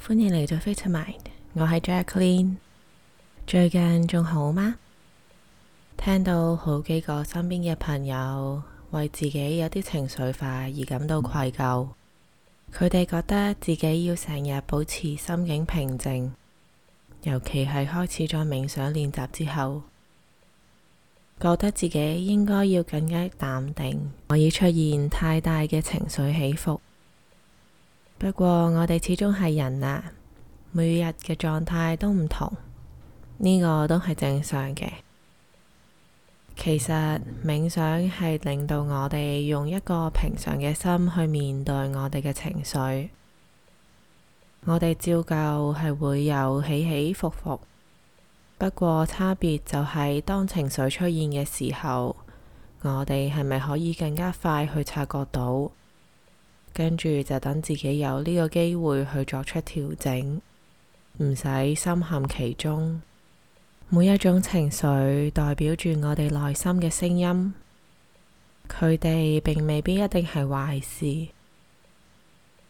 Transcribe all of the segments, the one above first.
歡迎嚟到 Vitamind，我係 Jaclyn。最近仲好嗎？聽到好幾個身邊嘅朋友為自己有啲情緒化而感到愧疚，佢哋覺得自己要成日保持心境平靜，尤其係開始咗冥想練習之後，覺得自己應該要更加淡定，唔可以出現太大嘅情緒起伏。不過我哋始終係人啊，每日嘅狀態都唔同，呢個都係正常嘅。其實冥想係令到我哋用一個平常嘅心去面對我哋嘅情緒，我哋照舊係會有起起伏伏。不過差別就係，當情緒出現嘅時候，我哋係咪可以更加快去察覺到？跟住就等自己有呢個機會去作出調整，唔使深陷其中。每一種情緒代表住我哋內心嘅聲音，佢哋並未必一定係壞事。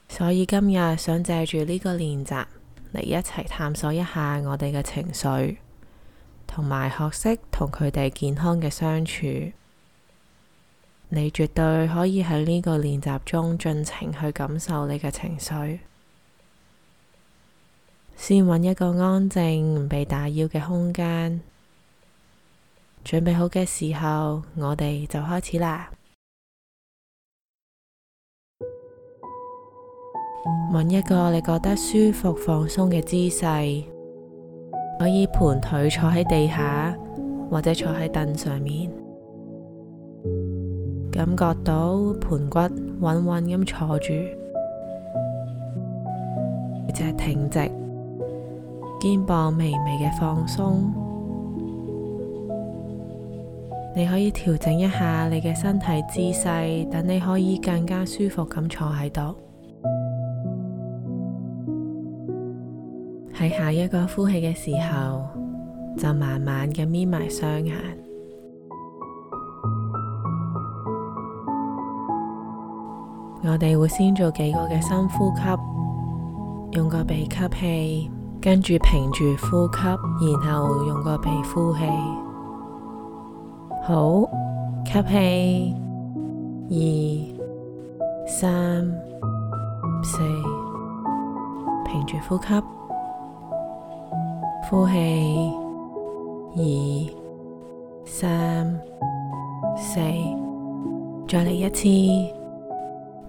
所以今日想借住呢個練習嚟一齊探索一下我哋嘅情緒，同埋學識同佢哋健康嘅相處。你絕對可以喺呢個練習中盡情去感受你嘅情緒。先揾一個安靜唔被打擾嘅空間，準備好嘅時候，我哋就開始啦。揾一個你覺得舒服、放鬆嘅姿勢，可以盤腿坐喺地下，或者坐喺凳上面。感覺到盆骨穩穩咁坐住，就係挺直，肩膀微微嘅放鬆。你可以調整一下你嘅身體姿勢，等你可以更加舒服咁坐喺度。喺下一個呼氣嘅時候，就慢慢嘅眯埋雙眼。我哋會先做幾個嘅深呼吸，用個鼻吸氣，跟住屏住呼吸，然後用個鼻呼氣。好，吸氣，二、三、四，屏住呼吸，呼氣，二、三、四，再嚟一次。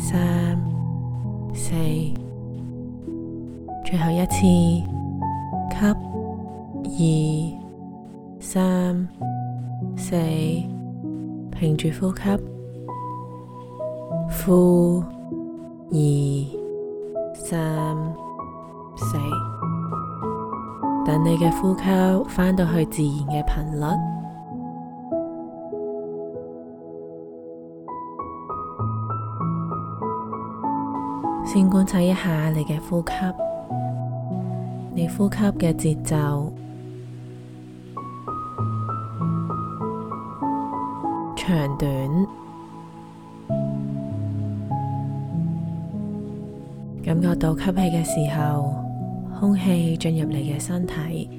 三四，最後一次吸二三四，屏住呼吸，呼二三四，等你嘅呼吸返到去自然嘅頻率。先觀察一下你嘅呼吸，你呼吸嘅節奏、長短，感覺到吸氣嘅時候，空氣進入你嘅身體；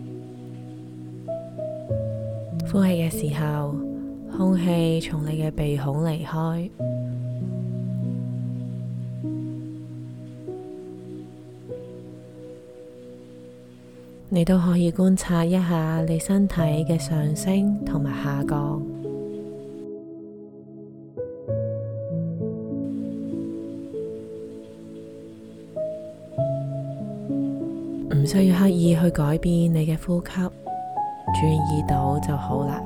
呼氣嘅時候，空氣從你嘅鼻孔離開。你都可以觀察一下你身體嘅上升同埋下降，唔 需要刻意去改變你嘅呼吸，注意到就好啦。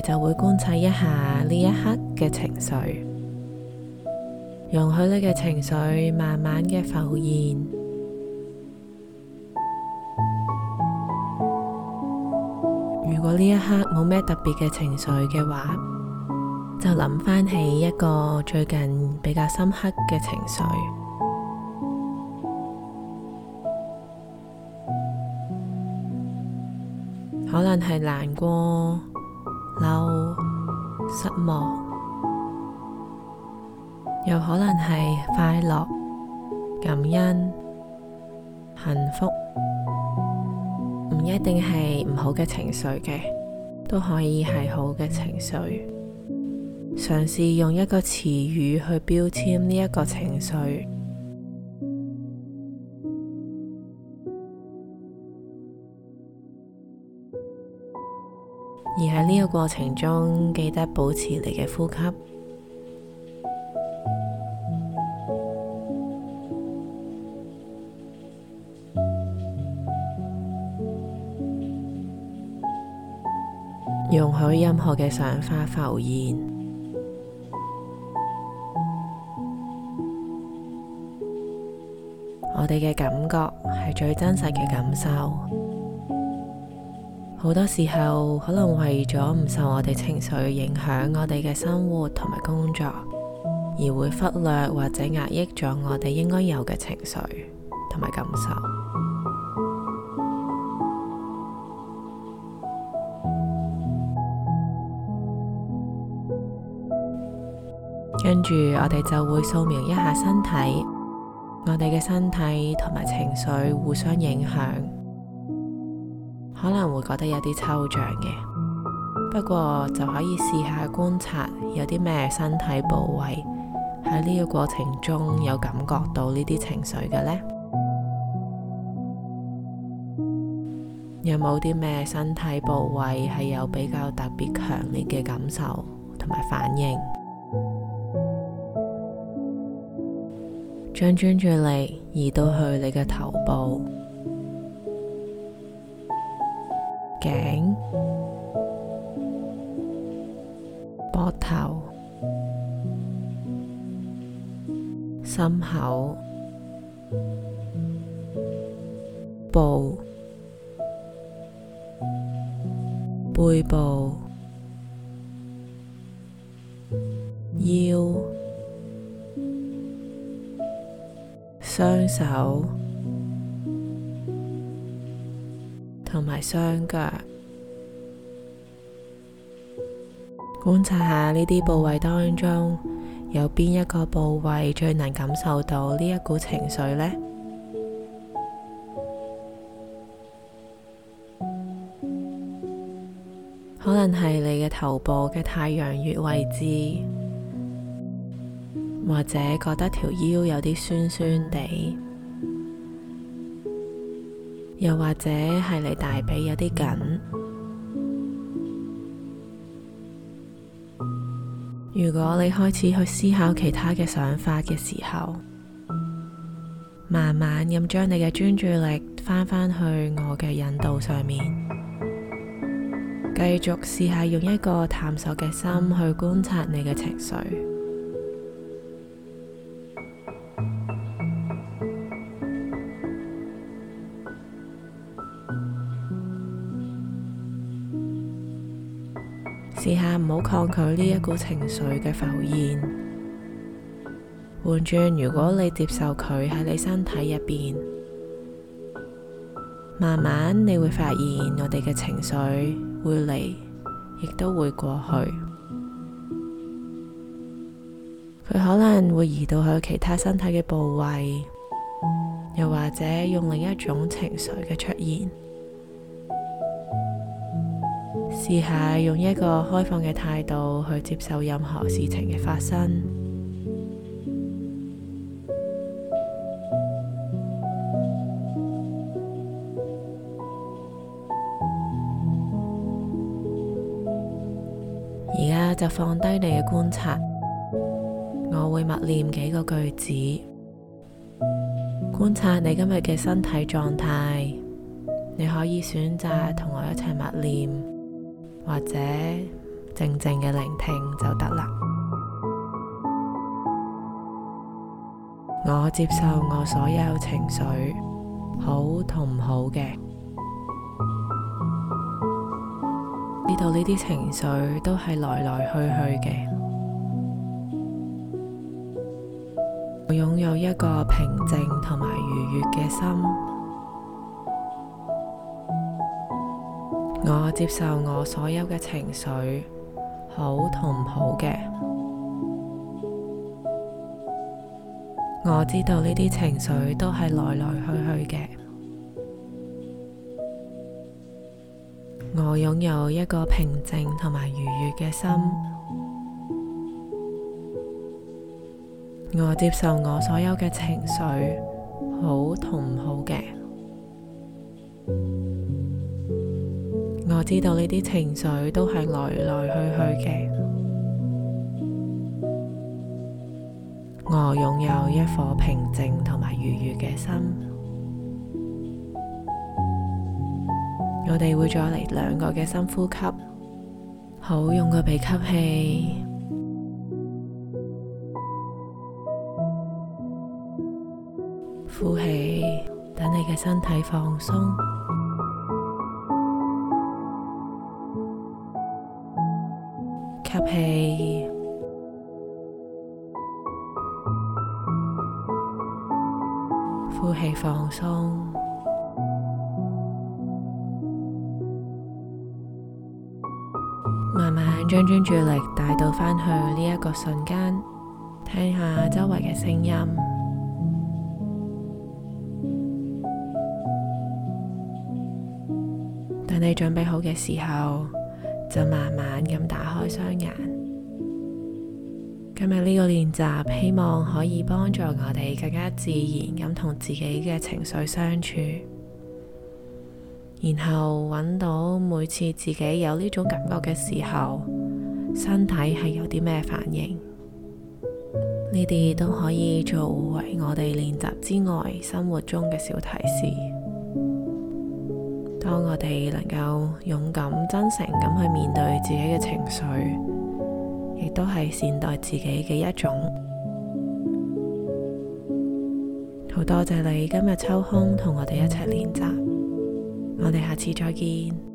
就會觀察一下呢一刻嘅情緒，容許你嘅情緒慢慢嘅浮現。如果呢一刻冇咩特別嘅情緒嘅話，就諗返起一個最近比較深刻嘅情緒，可能係難過。嬲、失望，又可能係快樂、感恩、幸福，唔 一定係唔好嘅情緒嘅，都可以係好嘅情緒。嘗試用一個詞語去標籤呢一個情緒。而喺呢個過程中，記得保持你嘅呼吸， 容許任何嘅想法浮現。 我哋嘅感覺係最真實嘅感受。好多時候，可能為咗唔受我哋情緒影響我哋嘅生活同埋工作，而會忽略或者壓抑咗我哋應該有嘅情緒同埋感受。跟住，我哋就會掃描一下身體，我哋嘅身體同埋情緒互相影響。可能會覺得有啲抽象嘅，不過就可以試下觀察有啲咩身體部位喺呢個過程中有感覺到呢啲情緒嘅呢？有冇啲咩身體部位係有比較特別強烈嘅感受同埋反應？將專注力移到去你嘅頭部。頸、膊頭、心口、腹部、背部、腰、雙手、同埋雙腳，觀察下呢啲部位當中，有邊一個部位最能感受到呢一股情緒呢？可能係你嘅頭部嘅太陽穴位置，或者覺得條腰有啲酸酸地。又或者係你大髀有啲緊。如果你開始去思考其他嘅想法嘅時候，慢慢咁將你嘅專注力返返去我嘅引導上面，繼續試下用一個探索嘅心去觀察你嘅情緒。試下唔好抗拒呢一股情緒嘅浮現，換轉，如果你接受佢喺你身體入邊，慢慢你會發現我哋嘅情緒會嚟，亦都會過去。佢可能會移到去其他身體嘅部位，又或者用另一種情緒嘅出現。試下用一個開放嘅態度去接受任何事情嘅發生。而家就放低你嘅觀察，我會默念幾個句子，觀察你今日嘅身體狀態。你可以選擇同我一齊默念。或者靜靜嘅聆聽就得啦。我接受我所有情緒，好同唔好嘅。呢度，呢啲情緒都係來來去去嘅。我擁有一個平靜同埋愉悦嘅心。我接受我所有嘅情緒，好同唔好嘅。我知道呢啲情緒都係來來去去嘅。我擁有一個平靜同埋愉悅嘅心。我接受我所有嘅情緒，好同唔好嘅。我知道呢啲情緒都係來來去去嘅，我擁有一顆平靜同埋愉悦嘅心。我哋會再嚟兩個嘅深呼吸，好，用個鼻吸氣，呼氣，等你嘅身體放鬆，呼氣，呼氣放鬆，慢慢將專注力帶到返去呢一個瞬間，聽下周圍嘅聲音。等你準備好嘅時候。就慢慢咁打開雙眼。今日呢個練習，希望可以幫助我哋更加自然咁同自己嘅情緒相處，然後揾到每次自己有呢種感覺嘅時候，身體係有啲咩反應，呢啲都可以作為我哋練習之外生活中嘅小提示。當我哋能夠勇敢、真誠咁去面對自己嘅情緒，亦都係善待自己嘅一種。好多謝你今日抽空同我哋一齊練習，我哋下次再見。